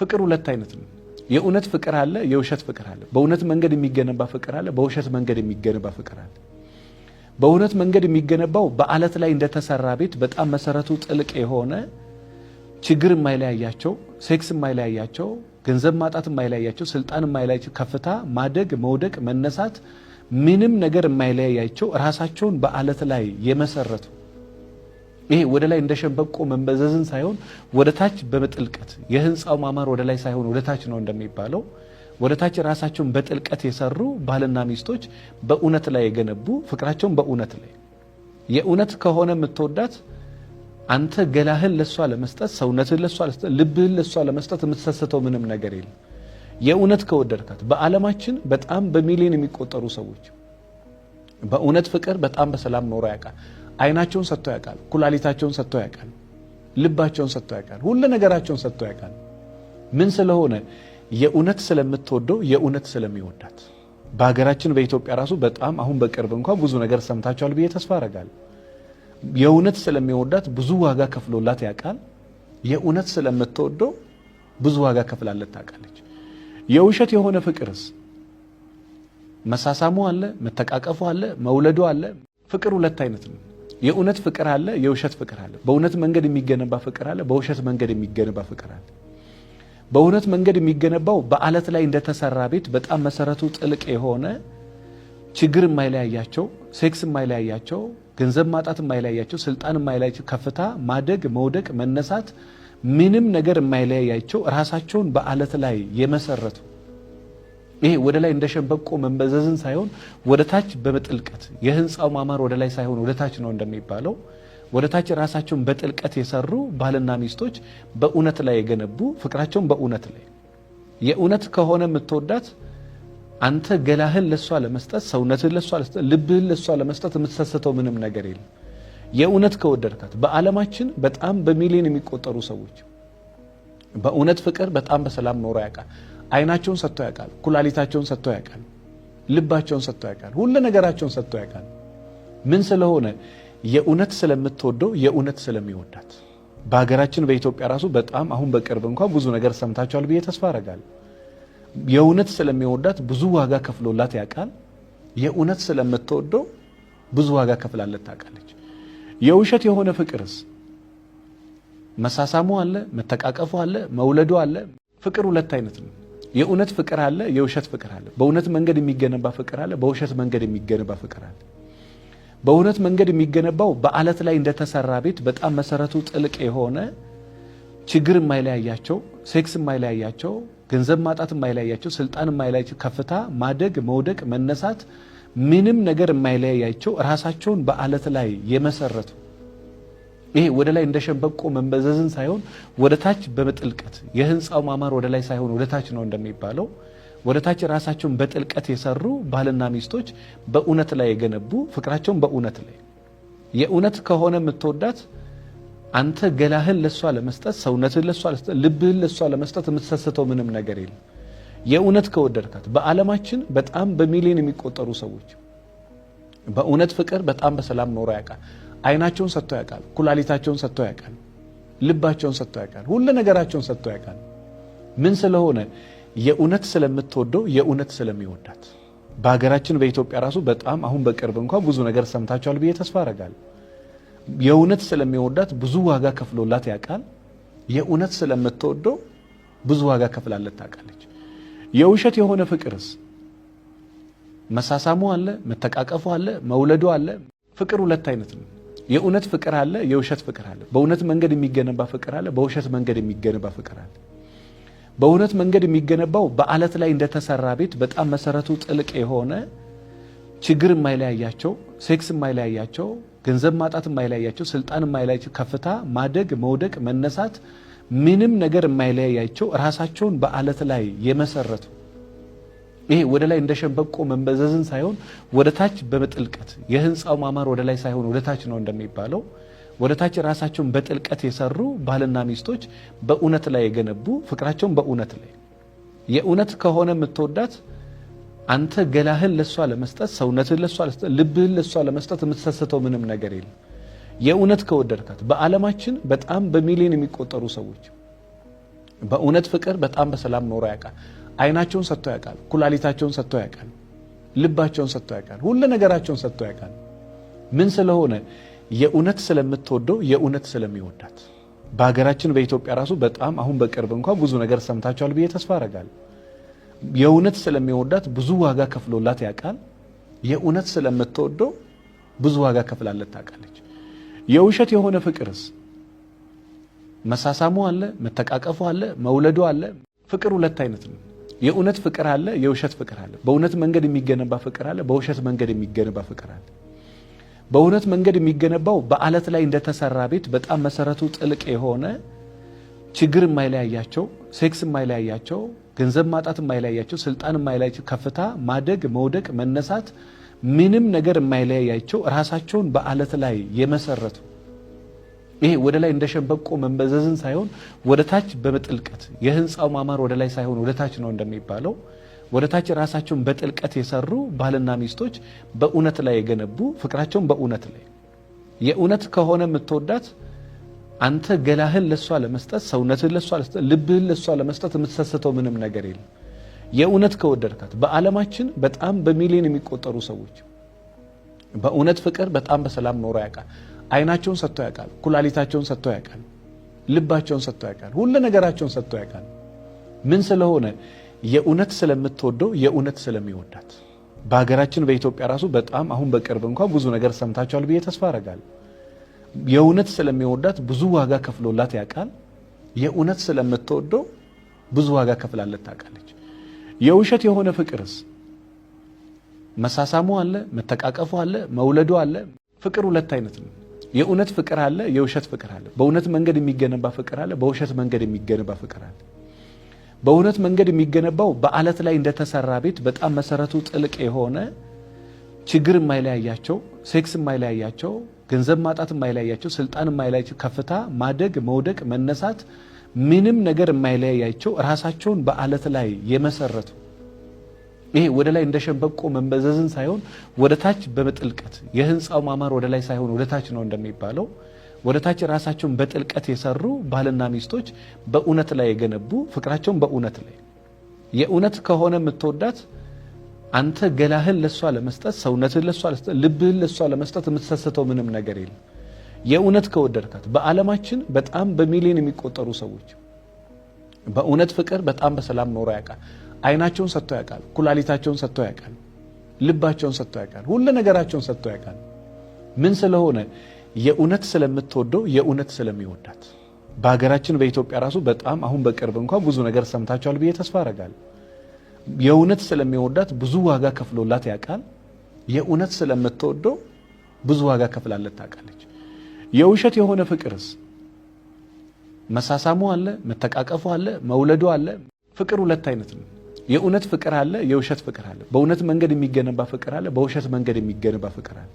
ፍቅር ሁለት አይነት ነው። የእውነት ፍቅር አለ፣ የውሸት ፍቅር አለ። በእውነት መንገድ የሚገነባ ፍቅር አለ፣ በውሸት መንገድ የሚገነባ ፍቅር አለ። በእውነት መንገድ የሚገነባው በአለት ላይ እንደተሰራ ቤት በጣም መሰረቱ ጥልቅ የሆነ ችግር የማይለያያቸው፣ ሴክስ የማይለያያቸው፣ ገንዘብ ማጣት የማይለያያቸው፣ ስልጣን የማይለያያቸው፣ ከፍታ ማደግ፣ መውደቅ፣ መነሳት ምንም ነገር የማይለያያቸው ራሳቸውን በአለት ላይ የመሰረቱ ይሄ ወደ ላይ እንደ ሸንበቆ መንበዘዝን ሳይሆን ወደ ታች በመጥልቀት የህንፃው ማማር ወደ ላይ ሳይሆን ወደ ታች ነው እንደሚባለው ወደ ታች ራሳቸውን በጥልቀት የሰሩ ባልና ሚስቶች በእውነት ላይ የገነቡ ፍቅራቸውን በእውነት ላይ የእውነት ከሆነ የምትወዳት አንተ ገላህን ለሷ ለመስጠት ሰውነትህን ለሷ ለመስጠት ልብህን ለሷ ለመስጠት የምትሰሰተው ምንም ነገር የለም። የእውነት ከወደድካት በዓለማችን በጣም በሚሊዮን የሚቆጠሩ ሰዎች በእውነት ፍቅር በጣም በሰላም ኖሮ ያውቃል። አይናቸውን ሰጥተው ያውቃል። ኩላሊታቸውን ሰጥቶ ያውቃል። ልባቸውን ሰጥቶ ያውቃል። ሁሉ ነገራቸውን ሰጥቶ ያውቃል። ምን ስለሆነ የእውነት ስለምትወደው የእውነት ስለሚወዳት። በሀገራችን በኢትዮጵያ ራሱ በጣም አሁን በቅርብ እንኳን ብዙ ነገር ሰምታችኋል ብዬ ተስፋ አረጋል። የእውነት ስለሚወዳት ብዙ ዋጋ ከፍሎላት ያውቃል። የእውነት ስለምትወደው ብዙ ዋጋ ከፍላለት ታውቃለች። የውሸት የሆነ ፍቅርስ መሳሳሙ አለ፣ መተቃቀፉ አለ፣ መውለዱ አለ። ፍቅር ሁለት አይነት ነው። የእውነት ፍቅር አለ፣ የውሸት ፍቅር አለ። በእውነት መንገድ የሚገነባ ፍቅር አለ፣ በውሸት መንገድ የሚገነባ ፍቅር አለ። በእውነት መንገድ የሚገነባው በአለት ላይ እንደተሰራ ቤት በጣም መሰረቱ ጥልቅ የሆነ ችግር የማይለያያቸው፣ ሴክስ የማይለያያቸው፣ ገንዘብ ማጣት የማይለያያቸው፣ ስልጣን የማይለያቸው ከፍታ ማደግ፣ መውደቅ፣ መነሳት ምንም ነገር የማይለያያቸው ራሳቸውን በአለት ላይ የመሰረቱ ይሄ ወደ ላይ እንደ ሸንበቆ መንበዘዝን ሳይሆን ወደ ታች በጥልቀት የህንፃው ማማር ወደ ላይ ሳይሆን ወደ ታች ነው እንደሚባለው ወደ ታች ራሳቸውን በጥልቀት የሰሩ ባልና ሚስቶች በእውነት ላይ የገነቡ ፍቅራቸውን በእውነት ላይ የእውነት ከሆነ የምትወዳት አንተ ገላህን ለሷ ለመስጠት ሰውነትህን ለሷ ለመስጠት ልብህን ለሷ ለመስጠት የምትሰሰተው ምንም ነገር የለም። የእውነት ከወደድካት በዓለማችን በጣም በሚሊዮን የሚቆጠሩ ሰዎች በእውነት ፍቅር በጣም በሰላም ኖሮ ያውቃል። አይናቸውን ሰጥቶ ያውቃል። ኩላሊታቸውን ሰጥቶ ያውቃል። ልባቸውን ሰጥቶ ያውቃል። ሁሉ ነገራቸውን ሰጥቶ ያውቃል። ምን ስለሆነ የእውነት ስለምትወደው የእውነት ስለሚወዳት። በሀገራችን በኢትዮጵያ ራሱ በጣም አሁን በቅርብ እንኳን ብዙ ነገር ሰምታችኋል ብዬ ተስፋ አደርጋለሁ። የእውነት ስለሚወዳት ብዙ ዋጋ ከፍሎላት ያውቃል። የእውነት ስለምትወደው ብዙ ዋጋ ከፍላለት ታውቃለች። የውሸት የሆነ ፍቅርስ መሳሳሙ አለ፣ መተቃቀፉ አለ፣ መውለዱ አለ። ፍቅር ሁለት አይነት ነው። የእውነት ፍቅር አለ፣ የውሸት ፍቅር አለ። በእውነት መንገድ የሚገነባ ፍቅር አለ፣ በውሸት መንገድ የሚገነባ ፍቅር አለ። በእውነት መንገድ የሚገነባው በአለት ላይ እንደተሰራ ቤት በጣም መሰረቱ ጥልቅ የሆነ ችግር የማይለያያቸው፣ ሴክስ የማይለያያቸው፣ ገንዘብ ማጣት የማይለያያቸው፣ ስልጣን የማይለያያቸው፣ ከፍታ ማደግ፣ መውደቅ፣ መነሳት ምንም ነገር የማይለያያቸው ራሳቸውን በአለት ላይ የመሰረቱ ይሄ ወደ ላይ እንደ ሸንበቆ መንበዘዝን ሳይሆን ወደ ታች በጥልቀት የህንፃው ማማር ወደ ላይ ሳይሆን ወደ ታች ነው እንደሚባለው ወደ ታች ራሳቸውን በጥልቀት የሰሩ ባልና ሚስቶች በእውነት ላይ የገነቡ ፍቅራቸውን በእውነት ላይ የእውነት ከሆነ የምትወዳት አንተ ገላህን ለሷ ለመስጠት ሰውነትህን ለሷ ለመስጠት ልብህን ለሷ ለመስጠት የምትሰስተው ምንም ነገር የለም። የእውነት ከወደድካት በዓለማችን በጣም በሚሊዮን የሚቆጠሩ ሰዎች በእውነት ፍቅር በጣም በሰላም ኖሮ ያውቃል። አይናቸውን ሰጥቶ ያውቃል። ኩላሊታቸውን ሰጥቶ ያውቃል። ልባቸውን ሰጥቶ ያውቃል። ሁሉ ነገራቸውን ሰጥቶ ያውቃል። ምን ስለሆነ የእውነት ስለምትወደው የእውነት ስለሚወዳት። በሀገራችን በኢትዮጵያ ራሱ በጣም አሁን በቅርብ እንኳን ብዙ ነገር ሰምታችኋል ብዬ ተስፋ አረጋል። የእውነት ስለሚወዳት ብዙ ዋጋ ከፍሎላት ያውቃል። የእውነት ስለምትወደው ብዙ ዋጋ ከፍላለት ታውቃለች። የውሸት የሆነ ፍቅርስ መሳሳሙ አለ፣ መተቃቀፉ አለ፣ መውለዱ አለ። ፍቅር ሁለት አይነት ነው። የእውነት ፍቅር አለ፣ የውሸት ፍቅር አለ። በእውነት መንገድ የሚገነባ ፍቅር አለ፣ በውሸት መንገድ የሚገነባ ፍቅር አለ። በእውነት መንገድ የሚገነባው በአለት ላይ እንደተሰራ ቤት በጣም መሰረቱ ጥልቅ የሆነ ችግር የማይለያያቸው፣ ሴክስ የማይለያያቸው፣ ገንዘብ ማጣት የማይለያያቸው፣ ስልጣን የማይለያያቸው፣ ከፍታ ማደግ፣ መውደቅ፣ መነሳት ምንም ነገር የማይለያያቸው ራሳቸውን በአለት ላይ የመሰረቱ ይሄ ወደ ላይ እንደ ሸንበቆ መንበዘዝን ሳይሆን ወደ ታች በጥልቀት የህንፃው ማማር ወደ ላይ ሳይሆን ወደ ታች ነው እንደሚባለው ወደ ታች ራሳቸውን በጥልቀት የሰሩ ባልና ሚስቶች በእውነት ላይ የገነቡ ፍቅራቸውን በእውነት ላይ የእውነት ከሆነ የምትወዳት አንተ ገላህን ለሷ ለመስጠት ሰውነትህን ለሷ ለመስጠት ልብህን ለሷ ለመስጠት የምትሰሰተው ምንም ነገር የለም። የእውነት ከወደድካት በዓለማችን በጣም በሚሊዮን የሚቆጠሩ ሰዎች በእውነት ፍቅር በጣም በሰላም ኖሮ ያውቃል። አይናቸውን ሰጥቶ ያውቃል። ኩላሊታቸውን ሰጥተው ያውቃል። ልባቸውን ሰጥተው ያውቃል። ሁሉ ነገራቸውን ሰጥተው ያውቃል። ምን ስለሆነ የእውነት ስለምትወደው የእውነት ስለሚወዳት። በሀገራችን በኢትዮጵያ ራሱ በጣም አሁን በቅርብ እንኳን ብዙ ነገር ሰምታችኋል ብዬ ተስፋ አረጋል። የእውነት ስለሚወዳት ብዙ ዋጋ ከፍሎላት ያውቃል። የእውነት ስለምትወደው ብዙ ዋጋ ከፍላለት ታውቃለች። የውሸት የሆነ ፍቅርስ መሳሳሙ አለ፣ መተቃቀፉ አለ፣ መውለዱ አለ። ፍቅር ሁለት አይነት ነው። የእውነት ፍቅር አለ፣ የውሸት ፍቅር አለ። በእውነት መንገድ የሚገነባ ፍቅር አለ፣ በውሸት መንገድ የሚገነባ ፍቅር አለ። በእውነት መንገድ የሚገነባው በአለት ላይ እንደተሰራ ቤት በጣም መሰረቱ ጥልቅ የሆነ ችግር የማይለያያቸው፣ ሴክስ የማይለያያቸው፣ ገንዘብ ማጣት የማይለያያቸው፣ ስልጣን የማይለያያቸው፣ ከፍታ ማደግ፣ መውደቅ፣ መነሳት ምንም ነገር የማይለያያቸው ራሳቸውን በአለት ላይ የመሰረቱ ይሄ ወደ ላይ እንደ ሸንበቆ መንበዘዝን ሳይሆን ወደ ታች በጥልቀት የህንፃው ማማር ወደ ላይ ሳይሆን ወደ ታች ነው እንደሚባለው ወደ ታች ራሳቸውን በጥልቀት የሰሩ ባልና ሚስቶች በእውነት ላይ የገነቡ ፍቅራቸውን በእውነት ላይ የእውነት ከሆነ የምትወዳት አንተ ገላህን ለሷ ለመስጠት ሰውነትህን ለሷ ለመስጠት ልብህን ለሷ ለመስጠት የምትሰስተው ምንም ነገር የለም። የእውነት ከወደድካት በዓለማችን በጣም በሚሊዮን የሚቆጠሩ ሰዎች በእውነት ፍቅር በጣም በሰላም ኖሮ ያውቃል። አይናቸውን ሰጥቶ ያውቃል። ኩላሊታቸውን ሰጥቶ ያውቃል። ልባቸውን ሰጥቶ ያውቃል። ሁሉ ነገራቸውን ሰጥቶ ያውቃል። ምን ስለሆነ የእውነት ስለምትወደው የእውነት ስለሚወዳት። በሀገራችን በኢትዮጵያ ራሱ በጣም አሁን በቅርብ እንኳ ብዙ ነገር ሰምታችኋል ብዬ ተስፋ አደርጋለሁ። የእውነት ስለሚወዳት ብዙ ዋጋ ከፍሎላት ያውቃል። የእውነት ስለምትወደው ብዙ ዋጋ ከፍላለት ታውቃለች። የውሸት የሆነ ፍቅርስ መሳሳሙ አለ፣ መተቃቀፉ አለ፣ መውለዱ አለ። ፍቅር ሁለት አይነት ነው። የእውነት ፍቅር አለ፣ የውሸት ፍቅር አለ። በእውነት መንገድ የሚገነባ ፍቅር አለ፣ በውሸት መንገድ የሚገነባ ፍቅር አለ። በእውነት መንገድ የሚገነባው በአለት ላይ እንደተሰራ ቤት በጣም መሰረቱ ጥልቅ የሆነ ችግር የማይለያያቸው፣ ሴክስ የማይለያያቸው፣ ገንዘብ ማጣት የማይለያያቸው፣ ስልጣን የማይለያያቸው፣ ከፍታ ማደግ፣ መውደቅ፣ መነሳት ምንም ነገር የማይለያያቸው ራሳቸውን በአለት ላይ የመሰረቱ ይሄ ወደ ላይ እንደ ሸንበቆ መንበዘዝን ሳይሆን ወደ ታች በጥልቀት የህንፃው ማማር ወደ ላይ ሳይሆን ወደ ታች ነው እንደሚባለው ወደ ታች ራሳቸውን በጥልቀት የሰሩ ባልና ሚስቶች በእውነት ላይ የገነቡ ፍቅራቸውን በእውነት ላይ የእውነት ከሆነ የምትወዳት አንተ ገላህን ለሷ ለመስጠት ሰውነትህን ለሷ ለመስጠት ልብህን ለሷ ለመስጠት የምትሰሰተው ምንም ነገር የለም። የእውነት ከወደድካት በዓለማችን በጣም በሚሊዮን የሚቆጠሩ ሰዎች በእውነት ፍቅር በጣም በሰላም ኖሮ ያውቃል። አይናቸውን ሰጥቶ ያውቃል። ኩላሊታቸውን ሰጥቶ ያውቃል። ልባቸውን ሰጥቶ ያውቃል። ሁሉ ነገራቸውን ሰጥቶ ያውቃል። ምን ስለሆነ የእውነት ስለምትወደው የእውነት ስለሚወዳት። በሀገራችን በኢትዮጵያ ራሱ በጣም አሁን በቅርብ እንኳን ብዙ ነገር ሰምታችኋል ብዬ ተስፋ አረጋል። የእውነት ስለሚወዳት ብዙ ዋጋ ከፍሎላት ያውቃል። የእውነት ስለምትወደው ብዙ ዋጋ ከፍላለት ታውቃለች። የውሸት የሆነ ፍቅርስ መሳሳሙ አለ፣ መተቃቀፉ አለ፣ መውለዱ አለ። ፍቅር ሁለት አይነት ነው። የእውነት ፍቅር አለ፣ የውሸት ፍቅር አለ። በእውነት መንገድ የሚገነባ ፍቅር አለ፣ በውሸት መንገድ የሚገነባ ፍቅር አለ።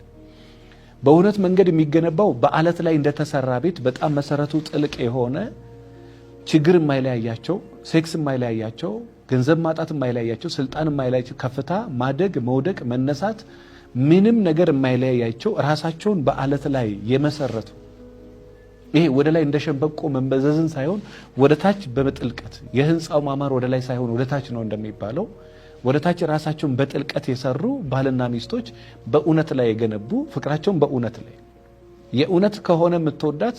በእውነት መንገድ የሚገነባው በአለት ላይ እንደተሰራ ቤት በጣም መሰረቱ ጥልቅ የሆነ ችግር የማይለያያቸው፣ ሴክስ የማይለያያቸው፣ ገንዘብ ማጣት የማይለያያቸው፣ ስልጣን የማይለያያቸው፣ ከፍታ ማደግ፣ መውደቅ፣ መነሳት ምንም ነገር የማይለያያቸው ራሳቸውን በአለት ላይ የመሰረቱ ይሄ ወደ ላይ እንደ ሸንበቆ መንበዘዝን ሳይሆን ወደ ታች በጥልቀት የህንፃው ማማር ወደ ላይ ሳይሆን ወደ ታች ነው እንደሚባለው ወደ ታች ራሳቸውን በጥልቀት የሰሩ ባልና ሚስቶች በእውነት ላይ የገነቡ ፍቅራቸውን በእውነት ላይ የእውነት ከሆነ የምትወዳት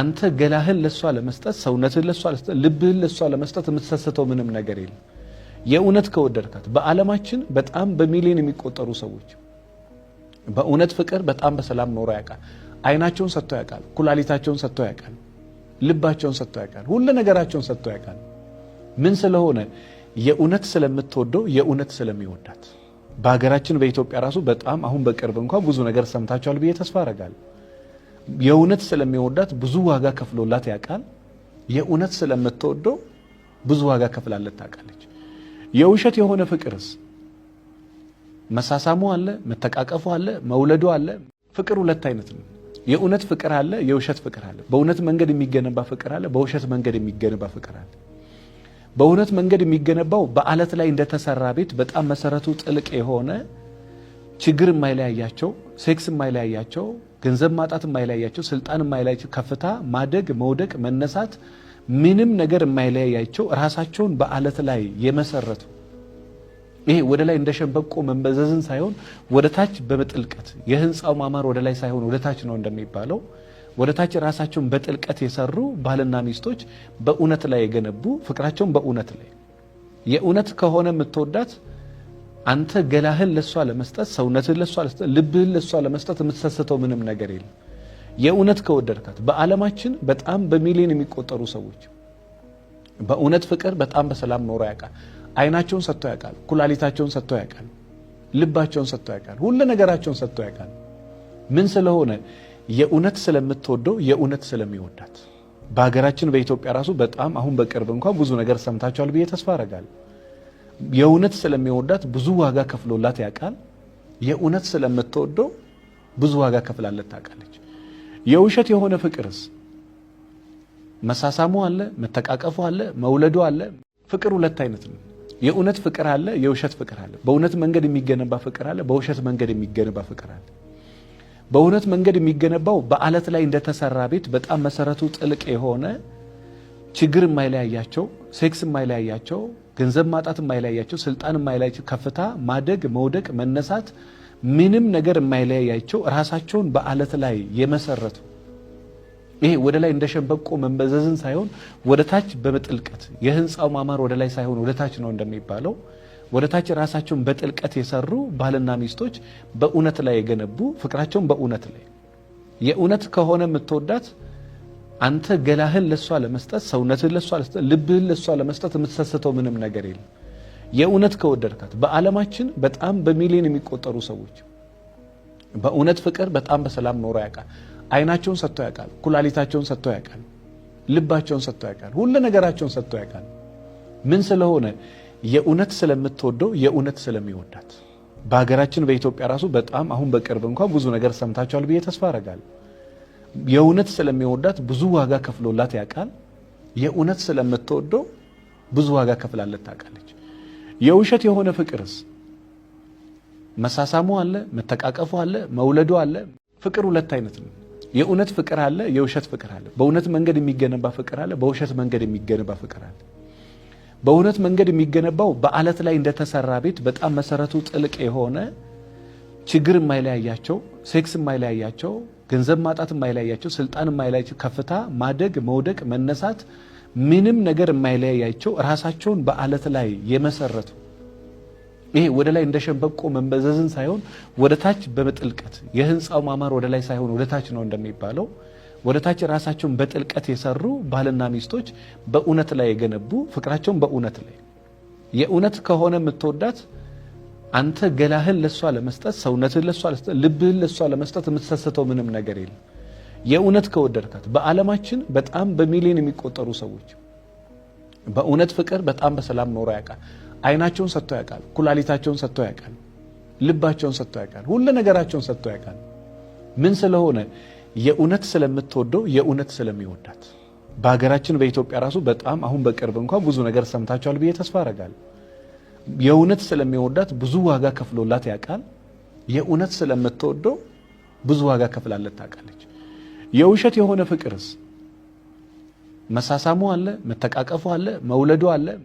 አንተ ገላህን ለሷ ለመስጠት ሰውነትህን ለሷ ለመስጠት ልብህን ለሷ ለመስጠት የምትሰሰተው ምንም ነገር የለም። የእውነት ከወደድካት በዓለማችን በጣም በሚሊዮን የሚቆጠሩ ሰዎች በእውነት ፍቅር በጣም በሰላም ኖሮ ያውቃል። አይናቸውን ሰጥተው ያውቃል። ኩላሊታቸውን ሰጥተው ያውቃል። ልባቸውን ሰጥተው ያውቃል። ሁሉ ነገራቸውን ሰጥተው ያውቃል። ምን ስለሆነ የእውነት ስለምትወደው የእውነት ስለሚወዳት። በሀገራችን በኢትዮጵያ ራሱ በጣም አሁን በቅርብ እንኳን ብዙ ነገር ሰምታችኋል ብዬ ተስፋ አረጋል። የእውነት ስለሚወዳት ብዙ ዋጋ ከፍሎላት ያውቃል። የእውነት ስለምትወደው ብዙ ዋጋ ከፍላለት ታውቃለች። የውሸት የሆነ ፍቅርስ መሳሳሙ አለ፣ መተቃቀፉ አለ፣ መውለዱ አለ። ፍቅር ሁለት አይነት ነው። የእውነት ፍቅር አለ፣ የውሸት ፍቅር አለ። በእውነት መንገድ የሚገነባ ፍቅር አለ፣ በውሸት መንገድ የሚገነባ ፍቅር አለ። በእውነት መንገድ የሚገነባው በአለት ላይ እንደተሰራ ቤት በጣም መሰረቱ ጥልቅ የሆነ ችግር የማይለያያቸው፣ ሴክስ የማይለያያቸው፣ ገንዘብ ማጣት የማይለያያቸው፣ ስልጣን የማይለያቸው ከፍታ ማደግ፣ መውደቅ፣ መነሳት ምንም ነገር የማይለያያቸው ራሳቸውን በአለት ላይ የመሰረቱ ይሄ ወደ ላይ እንደ ሸንበቆ መንበዘዝን ሳይሆን ወደ ታች በጥልቀት የህንፃው ማማር ወደ ላይ ሳይሆን ወደ ታች ነው እንደሚባለው ወደ ታች ራሳቸውን በጥልቀት የሰሩ ባልና ሚስቶች በእውነት ላይ የገነቡ ፍቅራቸውን በእውነት ላይ የእውነት ከሆነ የምትወዳት አንተ ገላህን ለሷ ለመስጠት ሰውነትህን ለሷ ለመስጠት ልብህን ለሷ ለመስጠት የምትሰስተው ምንም ነገር የለም። የእውነት ከወደድካት በዓለማችን በጣም በሚሊዮን የሚቆጠሩ ሰዎች በእውነት ፍቅር በጣም በሰላም ኖሮ ያውቃል። አይናቸውን ሰጥተው ያውቃል። ኩላሊታቸውን ሰጥተው ያውቃል። ልባቸውን ሰጥቶ ያውቃል። ሁሉ ነገራቸውን ሰጥተው ያውቃል። ምን ስለሆነ የእውነት ስለምትወደው የእውነት ስለሚወዳት። በሀገራችን በኢትዮጵያ ራሱ በጣም አሁን በቅርብ እንኳ ብዙ ነገር ሰምታችኋል ብዬ ተስፋ አደርጋለሁ። የእውነት ስለሚወዳት ብዙ ዋጋ ከፍሎላት ያውቃል። የእውነት ስለምትወደው ብዙ ዋጋ ከፍላለት ታውቃለች። የውሸት የሆነ ፍቅርስ መሳሳሙ አለ፣ መተቃቀፉ አለ፣ መውለዱ አለ። ፍቅር ሁለት አይነት ነው። የእውነት ፍቅር አለ፣ የውሸት ፍቅር አለ። በእውነት መንገድ የሚገነባ ፍቅር አለ፣ በውሸት መንገድ የሚገነባ ፍቅር አለ። በእውነት መንገድ የሚገነባው በአለት ላይ እንደተሰራ ቤት በጣም መሰረቱ ጥልቅ የሆነ ችግር የማይለያያቸው፣ ሴክስ የማይለያያቸው፣ ገንዘብ ማጣት የማይለያያቸው፣ ስልጣን የማይለያያቸው፣ ከፍታ፣ ማደግ፣ መውደቅ፣ መነሳት ምንም ነገር የማይለያያቸው ራሳቸውን በአለት ላይ የመሰረቱ ይሄ ወደ ላይ እንደ ሸንበቆ መንበዘዝን ሳይሆን ወደ ታች በመጥልቀት የህንፃው ማማር ወደ ላይ ሳይሆን ወደ ታች ነው እንደሚባለው ወደ ታች ራሳቸውን በጥልቀት የሰሩ ባልና ሚስቶች በእውነት ላይ የገነቡ ፍቅራቸውን በእውነት ላይ የእውነት ከሆነ የምትወዳት አንተ ገላህን ለሷ ለመስጠት ሰውነትህን ለሷ ለመስጠት ልብህን ለሷ ለመስጠት የምትሰሰተው ምንም ነገር የለም። የእውነት ከወደድካት በዓለማችን በጣም በሚሊዮን የሚቆጠሩ ሰዎች በእውነት ፍቅር በጣም በሰላም ኖሮ ያውቃል። አይናቸውን ሰጥቶ ያውቃል። ኩላሊታቸውን ሰጥቶ ያውቃል። ልባቸውን ሰጥቶ ያውቃል። ሁሉ ነገራቸውን ሰጥቶ ያውቃል። ምን ስለሆነ የእውነት ስለምትወደው የእውነት ስለሚወዳት በሀገራችን በኢትዮጵያ ራሱ በጣም አሁን በቅርብ እንኳን ብዙ ነገር ሰምታችኋል ብዬ ተስፋ አረጋል። የእውነት ስለሚወዳት ብዙ ዋጋ ከፍሎላት ያውቃል። የእውነት ስለምትወደው ብዙ ዋጋ ከፍላለት ታውቃለች። የውሸት የሆነ ፍቅርስ መሳሳሙ አለ፣ መተቃቀፉ አለ፣ መውለዱ አለ። ፍቅር ሁለት አይነት ነው። የእውነት ፍቅር አለ፣ የውሸት ፍቅር አለ። በእውነት መንገድ የሚገነባ ፍቅር አለ፣ በውሸት መንገድ የሚገነባ ፍቅር አለ። በእውነት መንገድ የሚገነባው በአለት ላይ እንደተሰራ ቤት በጣም መሰረቱ ጥልቅ የሆነ ችግር የማይለያያቸው፣ ሴክስ የማይለያያቸው፣ ገንዘብ ማጣት የማይለያያቸው፣ ስልጣን የማይለያያቸው፣ ከፍታ ማደግ፣ መውደቅ፣ መነሳት ምንም ነገር የማይለያያቸው ራሳቸውን በአለት ላይ የመሰረቱ ይሄ ወደ ላይ እንደ ሸንበቆ መንበዘዝን ሳይሆን ወደ ታች በጥልቀት የህንፃው ማማር ወደ ላይ ሳይሆን ወደ ታች ነው እንደሚባለው ወደ ታች ራሳቸውን በጥልቀት የሰሩ ባልና ሚስቶች በእውነት ላይ የገነቡ ፍቅራቸውን በእውነት ላይ የእውነት ከሆነ የምትወዳት አንተ ገላህን ለሷ ለመስጠት ሰውነትህን ለሷ ለመስጠት ልብህን ለሷ ለመስጠት የምትሰሰተው ምንም ነገር የለም። የእውነት ከወደድካት በዓለማችን በጣም በሚሊዮን የሚቆጠሩ ሰዎች በእውነት ፍቅር በጣም በሰላም ኖሮ ያውቃል። አይናቸውን ሰጥተው ያውቃል። ኩላሊታቸውን ሰጥተው ያውቃል። ልባቸውን ሰጥቶ ያውቃል። ሁሉ ነገራቸውን ሰጥቶ ያውቃል። ምን ስለሆነ የእውነት ስለምትወደው የእውነት ስለሚወዳት። በሀገራችን በኢትዮጵያ ራሱ በጣም አሁን በቅርብ እንኳን ብዙ ነገር ሰምታችኋል ብዬ ተስፋ አረጋል። የእውነት ስለሚወዳት ብዙ ዋጋ ከፍሎላት ያውቃል። የእውነት ስለምትወደው ብዙ ዋጋ ከፍላለት ታውቃለች። የውሸት የሆነ ፍቅርስ መሳሳሙ አለ፣ መተቃቀፉ አለ፣ መውለዱ አለ።